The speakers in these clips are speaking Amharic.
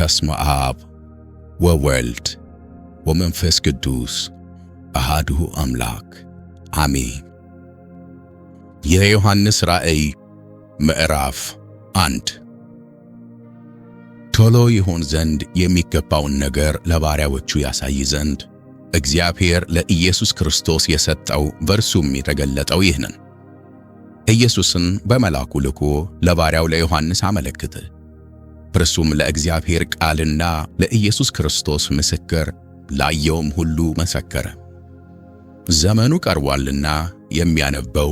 በስመ አብ ወወልድ ወመንፈስ ቅዱስ አሃድሁ አምላክ አሜን። የዮሐንስ ራእይ ምዕራፍ አንድ ቶሎ ይሆን ዘንድ የሚገባውን ነገር ለባሪያዎቹ ያሳይ ዘንድ እግዚአብሔር ለኢየሱስ ክርስቶስ የሰጠው በርሱም የተገለጠው ይህንን ኢየሱስን በመልአኩ ልኮ ለባሪያው ለዮሐንስ አመለክተ እርሱም ለእግዚአብሔር ቃልና ለኢየሱስ ክርስቶስ ምስክር፣ ላየውም ሁሉ መሰከረ። ዘመኑ ቀርቧልና የሚያነበው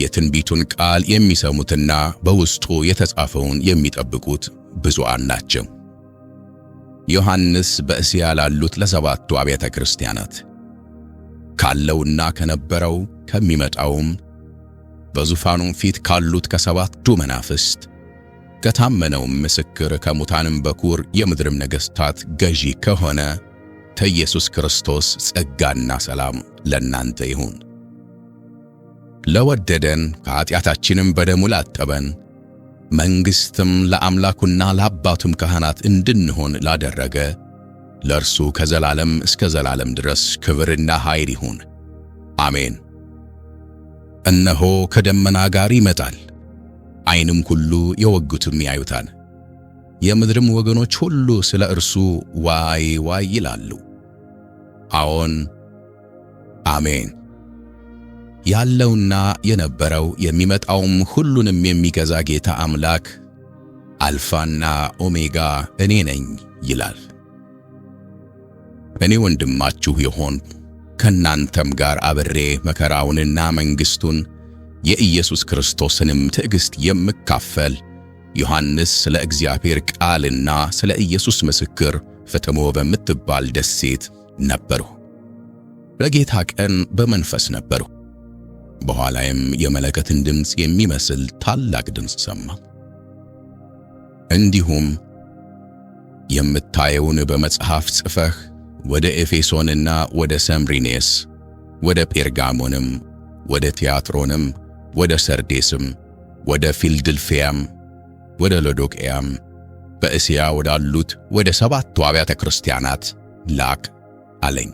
የትንቢቱን ቃል የሚሰሙትና በውስጡ የተጻፈውን የሚጠብቁት ብዙአን ናቸው። ዮሐንስ በእስያ ላሉት ለሰባቱ አብያተ ክርስቲያናት ካለውና ከነበረው ከሚመጣውም በዙፋኑም ፊት ካሉት ከሰባቱ መናፍስት ከታመነውም ምስክር ከሙታንም በኩር የምድርም ነገሥታት ገዢ ከሆነ ከኢየሱስ ክርስቶስ ጸጋና ሰላም ለእናንተ ይሁን። ለወደደን ከኀጢአታችንም በደሙ ላጠበን መንግሥትም ለአምላኩና ለአባቱም ካህናት እንድንሆን ላደረገ ለእርሱ ከዘላለም እስከ ዘላለም ድረስ ክብርና ኃይል ይሁን፣ አሜን። እነሆ ከደመና ጋር ይመጣል አይንም ሁሉ የወጉትም ያዩታል። የምድርም ወገኖች ሁሉ ስለ እርሱ ዋይ ዋይ ይላሉ። አዎን አሜን። ያለውና የነበረው የሚመጣውም ሁሉንም የሚገዛ ጌታ አምላክ አልፋና ኦሜጋ እኔ ነኝ ይላል። እኔ ወንድማችሁ የሆን ከእናንተም ጋር አብሬ መከራውንና መንግሥቱን የኢየሱስ ክርስቶስንም ትዕግሥት የምካፈል ዮሐንስ ስለ እግዚአብሔር ቃልና ስለ ኢየሱስ ምስክር ፍትሞ በምትባል ደሴት ነበርሁ። በጌታ ቀን በመንፈስ ነበርሁ። በኋላይም የመለከትን ድምፅ የሚመስል ታላቅ ድምፅ ሰማ። እንዲሁም የምታየውን በመጽሐፍ ጽፈህ ወደ ኤፌሶንና ወደ ሰምሪኔስ ወደ ጴርጋሞንም ወደ ቲያትሮንም። ወደ ሰርዴስም ወደ ፊልድልፊያም ወደ ሎዶቅያም በእስያ ወዳሉት ወደ ሰባቱ አብያተ ክርስቲያናት ላክ አለኝ።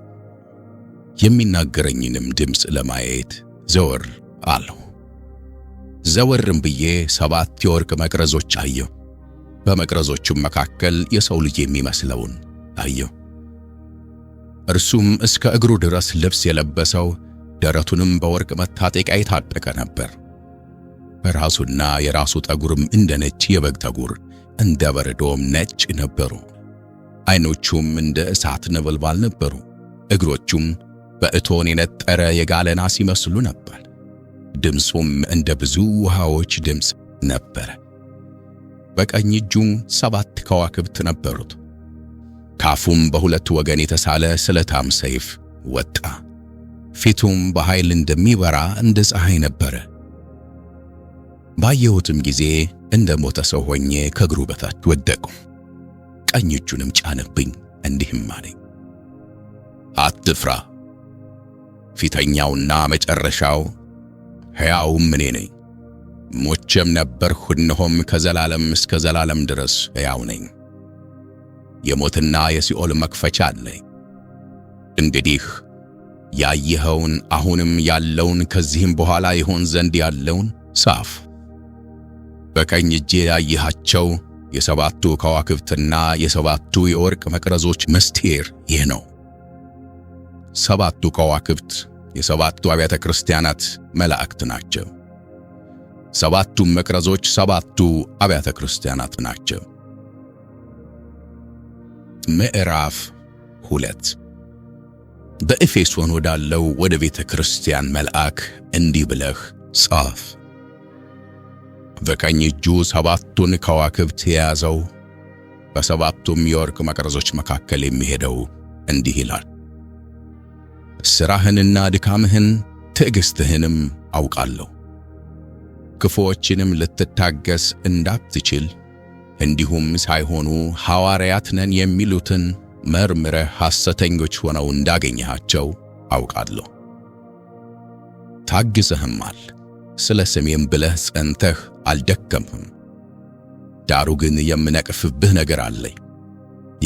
የሚናገረኝንም ድምፅ ለማየት ዘወር አለሁ። ዘወርም ብዬ ሰባት የወርቅ መቅረዞች አየሁ። በመቅረዞቹም መካከል የሰው ልጅ የሚመስለውን አየሁ። እርሱም እስከ እግሩ ድረስ ልብስ የለበሰው ደረቱንም በወርቅ መታጠቂያ የታጠቀ ነበር። ራሱና የራሱ ጠጉርም እንደ ነጭ የበግ ጠጉር እንደ በረዶም ነጭ ነበሩ። ዓይኖቹም እንደ እሳት ነበልባል ነበሩ። እግሮቹም በእቶን የነጠረ የጋለ ናስ ይመስሉ ነበር። ድምፁም እንደ ብዙ ውሃዎች ድምፅ ነበር። በቀኝ እጁም ሰባት ከዋክብት ነበሩት። ካፉም በሁለት ወገን የተሳለ ስለታም ሰይፍ ወጣ። ፊቱም በኃይል እንደሚበራ እንደ ፀሐይ ነበረ። ባየሁትም ጊዜ እንደ ሞተ ሰው ሆኜ ከእግሩ በታች ወደቅሁ። ቀኝ እጁንም ጫነብኝ፣ እንዲህም አለኝ፦ አትፍራ፣ ፊተኛውና መጨረሻው ሕያውም እኔ ነኝ። ሞቼም ነበርሁ፣ እነሆም ከዘላለም እስከ ዘላለም ድረስ ሕያው ነኝ። የሞትና የሲኦል መክፈቻ አለኝ። እንግዲህ ያየኸውን አሁንም ያለውን ከዚህም በኋላ ይሆን ዘንድ ያለውን ጻፍ። በቀኝ እጄ ያየሃቸው የሰባቱ ከዋክብትና የሰባቱ የወርቅ መቅረዞች ምስጢር ይህ ነው። ሰባቱ ከዋክብት የሰባቱ አብያተ ክርስቲያናት መላእክት ናቸው። ሰባቱም መቅረዞች ሰባቱ አብያተ ክርስቲያናት ናቸው። ምዕራፍ ሁለት በኤፌሶን ወዳለው ወደ ቤተ ክርስቲያን መልአክ እንዲህ ብለህ ጻፍ። በቀኝ እጁ ሰባቱን ከዋክብት የያዘው በሰባቱም የወርቅ መቅረዞች መካከል የሚሄደው እንዲህ ይላል፣ ሥራህንና ድካምህን ትዕግሥትህንም አውቃለሁ። ክፉዎችንም ልትታገስ እንዳትችል እንዲሁም ሳይሆኑ ሐዋርያት ነን የሚሉትን መርምረህ ሐሰተኞች ሆነው እንዳገኘሃቸው አውቃለሁ። ታግዘህማል። ስለ ስሜም ብለህ ጸንተህ አልደከምህም። ዳሩ ግን የምነቅፍብህ ነገር አለኝ።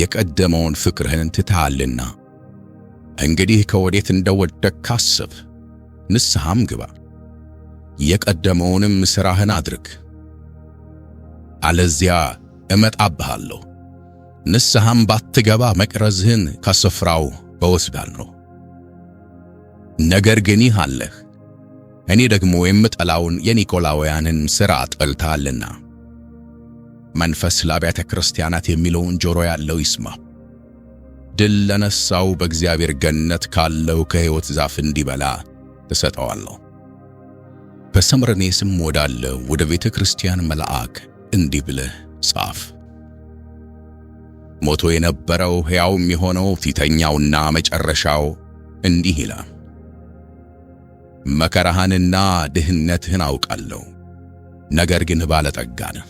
የቀደመውን ፍቅርህን ትተሃልና እንግዲህ ከወዴት እንደወደቅ ካስብ፣ ንስሐም ግባ፣ የቀደመውንም ሥራህን አድርግ። አለዚያ እመጣብሃለሁ ንስሐም ባትገባ መቅረዝህን ከስፍራው እወስዳለሁ። ነገር ግን ይህ አለህ፣ እኔ ደግሞ የምጠላውን የኒቆላውያንን ሥራ ጠልታልና። መንፈስ ለአብያተ ክርስቲያናት የሚለውን ጆሮ ያለው ይስማ። ድል ለነሳው በእግዚአብሔር ገነት ካለው ከሕይወት ዛፍ እንዲበላ እሰጠዋለሁ። ስም ወዳለው ወደ ቤተ ክርስቲያን መልአክ እንዲህ ብለህ ጻፍ ሞቶ የነበረው ሕያውም የሆነው ፊተኛውና መጨረሻው እንዲህ ይላል፣ መከራህንና ድህነትህን አውቃለሁ፣ ነገር ግን ባለጠጋ ነህ።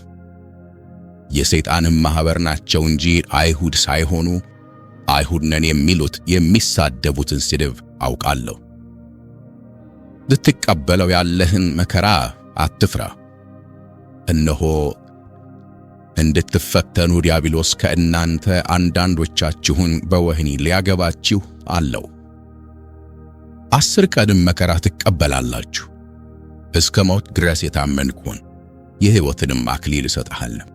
የሰይጣንም ማኅበር ናቸው እንጂ አይሁድ ሳይሆኑ አይሁድ ነን የሚሉት የሚሳደቡትን ስድብ አውቃለሁ። ልትቀበለው ያለህን መከራ አትፍራ፣ እነሆ እንድትፈተኑ ዲያብሎስ ከእናንተ አንዳንዶቻችሁን በወህኒ ሊያገባችሁ አለው። አስር ቀንም መከራ ትቀበላላችሁ፣ እስከ ሞት ድረስ የታመንኩን የሕይወትንም አክሊል እሰጥሃለሁ።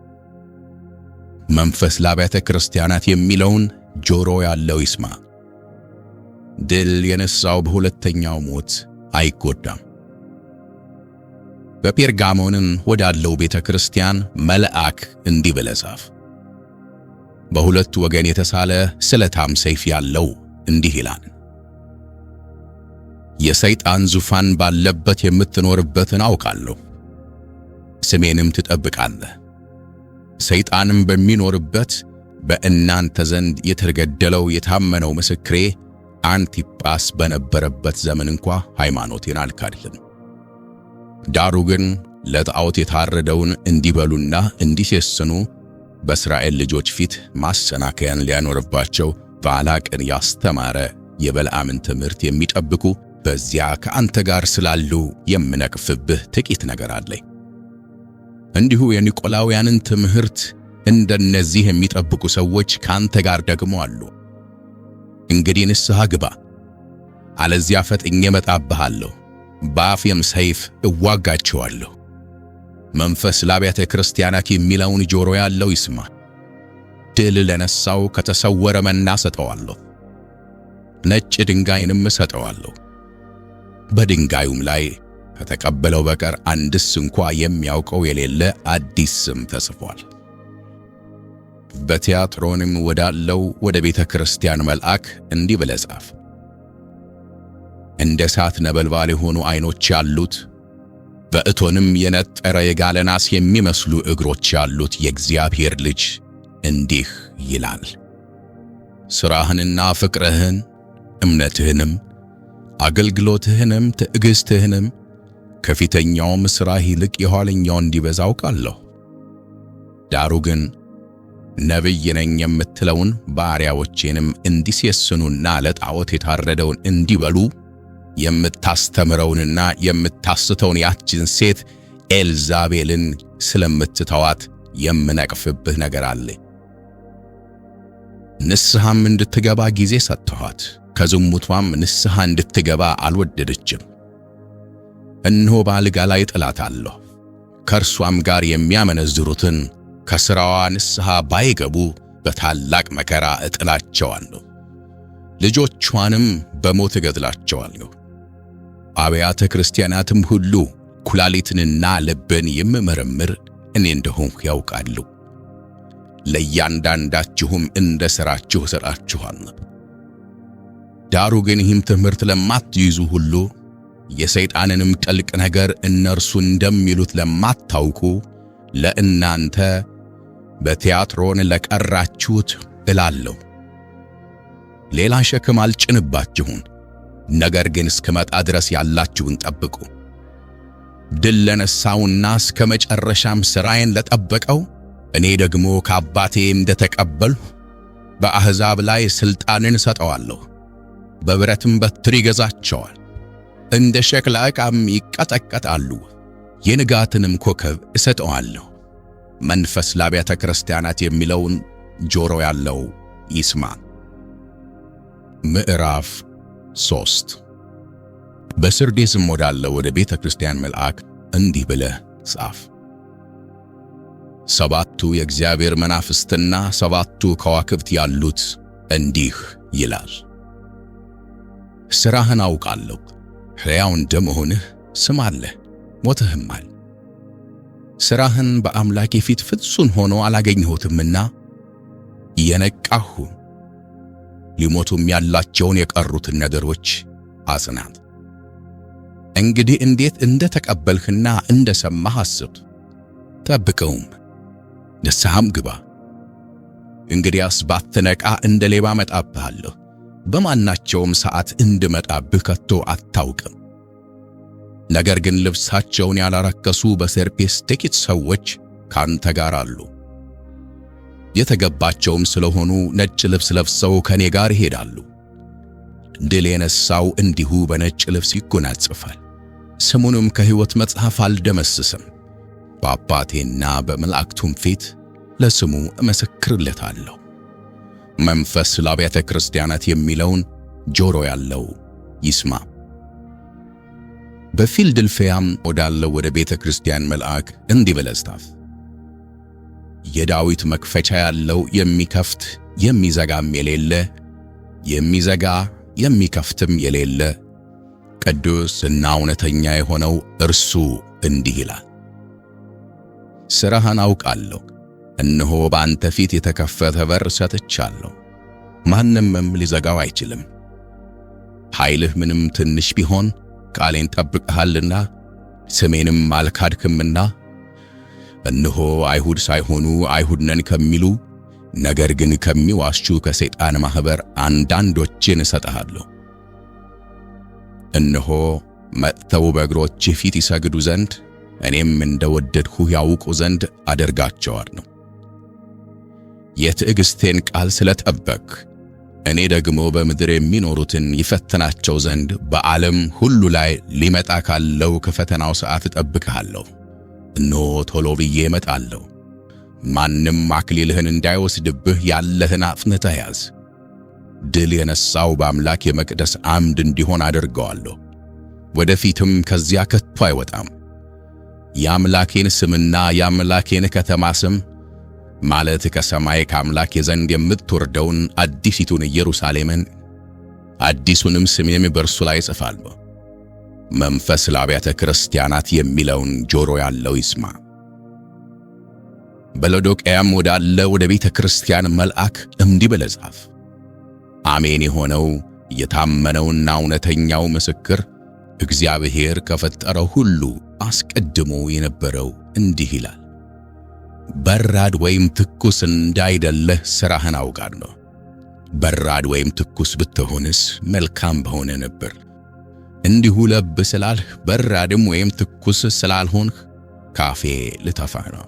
መንፈስ ለአብያተ ክርስቲያናት የሚለውን ጆሮ ያለው ይስማ። ድል የነሳው በሁለተኛው ሞት አይጎዳም። በፔርጋሞንን ወዳለው ቤተ ክርስቲያን መልአክ እንዲህ በሁለት ጻፍ። በሁለቱ ወገን የተሳለ ስለታም ሰይፍ ያለው እንዲህ ይላል የሰይጣን ዙፋን ባለበት የምትኖርበትን አውቃለሁ፣ ስሜንም ትጠብቃለህ። ሰይጣንም በሚኖርበት በእናንተ ዘንድ የተገደለው የታመነው ምስክሬ አንቲጳስ በነበረበት ዘመን እንኳ ሃይማኖቴን አልካድልም። ዳሩ ግን ለጣዖት የታረደውን እንዲበሉና እንዲሴስኑ በእስራኤል ልጆች ፊት ማሰናከያን ሊያኖርባቸው ባላቅን ያስተማረ የበልዓምን ትምህርት የሚጠብቁ በዚያ ከአንተ ጋር ስላሉ የምነቅፍብህ ጥቂት ነገር አለኝ። እንዲሁ የኒቆላውያንን ትምህርት እንደነዚህ የሚጠብቁ ሰዎች ከአንተ ጋር ደግሞ አሉ። እንግዲህ ንስሐ ግባ፣ አለዚያ ፈጥኜ እመጣብሃለሁ። በአፌም ሰይፍ እዋጋቸዋለሁ። መንፈስ ለአብያተ ክርስቲያናት የሚለውን ጆሮ ያለው ይስማ። ድል ለነሳው ከተሰወረ መና ሰጠዋለሁ፣ ነጭ ድንጋይንም እሰጠዋለሁ። በድንጋዩም ላይ ከተቀበለው በቀር አንድስ እንኳ የሚያውቀው የሌለ አዲስ ስም ተጽፏል። በቲያትሮንም ወዳለው ወደ ቤተ ክርስቲያን መልአክ እንዲህ ብለህ ጻፍ እንደ እሳት ነበልባል የሆኑ አይኖች ያሉት በእቶንም የነጠረ የጋለ ናስ የሚመስሉ እግሮች ያሉት የእግዚአብሔር ልጅ እንዲህ ይላል። ሥራህንና ፍቅርህን፣ እምነትህንም፣ አገልግሎትህንም፣ ትዕግሥትህንም ከፊተኛውም ሥራህ ይልቅ የኋለኛው እንዲበዛ አውቃለሁ። ዳሩ ግን ነቢይ ነኝ የምትለውን ባሪያዎቼንም እንዲሴስኑና ለጣዖት የታረደውን እንዲበሉ የምታስተምረውንና የምታስተውን ያችን ሴት ኤልዛቤልን ስለምትተዋት የምነቅፍብህ ነገር አለ። ንስሐም እንድትገባ ጊዜ ሰጥተኋት፣ ከዝሙቷም ንስሐ እንድትገባ አልወደደችም። እነሆ በአልጋ ላይ ጥላታለሁ፣ ከእርሷም ጋር የሚያመነዝሩትን ከሥራዋ ንስሐ ባይገቡ በታላቅ መከራ እጥላቸዋለሁ፣ ልጆቿንም በሞት እገድላቸዋለሁ። አብያተ ክርስቲያናትም ሁሉ ኩላሊትንና ልብን የምመረምር እኔ እንደሆንሁ ያውቃሉ። ለእያንዳንዳችሁም እንደ ሥራችሁ እሰጣችኋለሁ። ዳሩ ግን ይህም ትምህርት ለማትይዙ ሁሉ የሰይጣንንም ጥልቅ ነገር እነርሱ እንደሚሉት ለማታውቁ ለእናንተ በቲያጥሮን ለቀራችሁት እላለሁ። ሌላ ሸክም አልጭንባችሁም። ነገር ግን እስክመጣ ድረስ ያላችሁን ጠብቁ። ድል ለነሳውና እስከ መጨረሻም ሥራዬን ለጠበቀው እኔ ደግሞ ከአባቴ እንደተቀበልሁ በአሕዛብ ላይ ሥልጣንን ሰጠዋለሁ። በብረትም በትር ይገዛቸዋል፣ እንደ ሸክላ ዕቃም ይቀጠቀጣሉ። የንጋትንም ኮከብ እሰጠዋለሁ። መንፈስ ለአብያተ ክርስቲያናት የሚለውን ጆሮ ያለው ይስማ። ምዕራፍ ሶስት በስርዴስም ወዳለው ወደ ቤተ ክርስቲያን መልአክ እንዲህ ብለህ ጻፍ። ሰባቱ የእግዚአብሔር መናፍስትና ሰባቱ ከዋክብት ያሉት እንዲህ ይላል። ሥራህን አውቃለሁ፣ ሕያው እንደመሆንህ ስም አለህ፣ ሞተህማል። ሥራህን በአምላኬ ፊት ፍጹም ሆኖ አላገኘሁትምና የነቃሁ ሊሞቱም ያላቸውን የቀሩትን ነገሮች አጽናት። እንግዲህ እንዴት እንደ ተቀበልህና እንደ ሰማህ አስብ፣ ጠብቀውም ንስሐም ግባ። እንግዲያስ ባትነቃ እንደ ሌባ መጣብሃለሁ፣ በማናቸውም ሰዓት እንድመጣብህ ከቶ አታውቅም። ነገር ግን ልብሳቸውን ያላረከሱ በሰርፔስ ጥቂት ሰዎች ካንተ ጋር አሉ። የተገባቸውም ስለሆኑ ነጭ ልብስ ለብሰው ከኔ ጋር ይሄዳሉ። ድል የነሳው እንዲሁ በነጭ ልብስ ይጎናጽፋል። ስሙንም ከሕይወት መጽሐፍ አልደመስስም። በአባቴና በመላእክቱም ፊት ለስሙ እመሰክርለታለሁ። መንፈስ ለአብያተ ክርስቲያናት የሚለውን ጆሮ ያለው ይስማ። በፊልድልፊያም ወዳለው ወደ ቤተ ክርስቲያን መልአክ እንዲህ ብለህ ጻፍ የዳዊት መክፈቻ ያለው የሚከፍት የሚዘጋም የሌለ የሚዘጋ የሚከፍትም የሌለ ቅዱስ እና እውነተኛ የሆነው እርሱ እንዲህ ይላል፣ ሥራህን አውቃለሁ። እነሆ በአንተ ፊት የተከፈተ በር ሰጥቻለሁ፣ ማንምም ሊዘጋው አይችልም። ኃይልህ ምንም ትንሽ ቢሆን ቃሌን ጠብቀሃልና ስሜንም አልካድክምና እነሆ አይሁድ ሳይሆኑ አይሁድ ነን ከሚሉ ነገር ግን ከሚዋሹ ከሰይጣን ማኅበር አንዳንዶችን እሰጥሃለሁ። እነሆ መጥተው በእግሮችህ ፊት ይሰግዱ ዘንድ እኔም እንደ ወደድሁህ ያውቁ ዘንድ አደርጋቸዋለሁ። የትዕግሥቴን ቃል ስለጠበቅ እኔ ደግሞ በምድር የሚኖሩትን ይፈተናቸው ዘንድ በዓለም ሁሉ ላይ ሊመጣ ካለው ከፈተናው ሰዓት እጠብቅሃለሁ። ኖ ቶሎ ብዬ እመጣለሁ። ማንም አክሊልህን እንዳይወስድብህ ያለህን አጽንተህ ያዝ። ድል የነሳው በአምላክ የመቅደስ አምድ እንዲሆን አድርገዋለሁ። ወደ ፊትም ከዚያ ከቶ አይወጣም። የአምላኬን ስምና የአምላኬን ከተማ ስም ማለት ከሰማይ ከአምላኬ ዘንድ የምትወርደውን አዲሲቱን ኢየሩሳሌምን አዲሱንም ስሜም በእርሱ ላይ እጽፋለሁ መንፈስ ለአብያተ ክርስቲያናት የሚለውን ጆሮ ያለው ይስማ። በሎዶቅያም ወዳለ ወደ ቤተ ክርስቲያን መልአክ እንዲህ ብለህ ጻፍ። አሜን የሆነው የታመነውና እውነተኛው ምስክር እግዚአብሔር ከፈጠረው ሁሉ አስቀድሞ የነበረው እንዲህ ይላል፣ በራድ ወይም ትኩስ እንዳይደለህ ሥራህን አውቃለሁ። በራድ ወይም ትኩስ ብትሆንስ መልካም በሆነ ነበር። እንዲሁ ለብ ስላልህ በራድም ወይም ትኩስ ስላልሆንህ ካፌ ልተፋ ነው።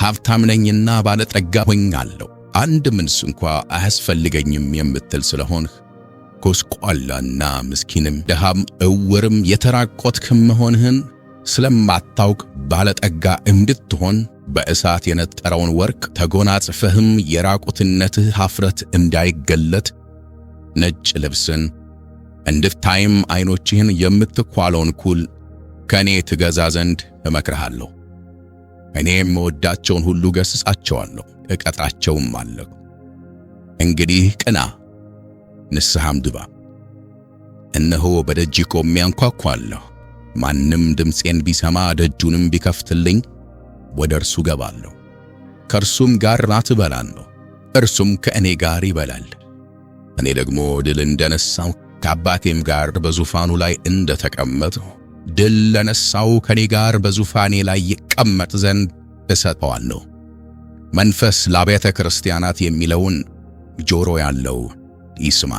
ሀብታም ነኝና ባለጠጋ ሆኛለሁ አንድ ምንስ እንኳ አያስፈልገኝም የምትል ስለሆንህ ጎስቋላና ምስኪንም ደሃም እውርም የተራቆትክ መሆንህን ስለማታውቅ ባለጠጋ እንድትሆን በእሳት የነጠረውን ወርቅ ተጎናጽፈህም የራቁትነትህ ሀፍረት እንዳይገለጥ ነጭ ልብስን እንድታይም ዐይኖችህን የምትኳለውን ኩል ከእኔ ትገዛ ዘንድ እመክርሃለሁ። እኔም እወዳቸውን ሁሉ ገሥጻቸዋለሁ፣ እቀጣቸውም አለሁ። እንግዲህ ቅና፣ ንስሐም ግባ። እነሆ በደጅ ቆሜ አንኳኳለሁ። ማንም ድምፄን ቢሰማ ደጁንም ቢከፍትልኝ ወደ እርሱ ገባለሁ፣ ከእርሱም ጋር ራት እበላለሁ፣ እርሱም ከእኔ ጋር ይበላል። እኔ ደግሞ ድል እንደነሳው ከአባቴም ጋር በዙፋኑ ላይ እንደ ተቀመጥሁ ድል ለነሳው ከኔ ጋር በዙፋኔ ላይ ይቀመጥ ዘንድ እሰጠዋለሁ። መንፈስ ለአብያተ ክርስቲያናት የሚለውን ጆሮ ያለው ይስማ።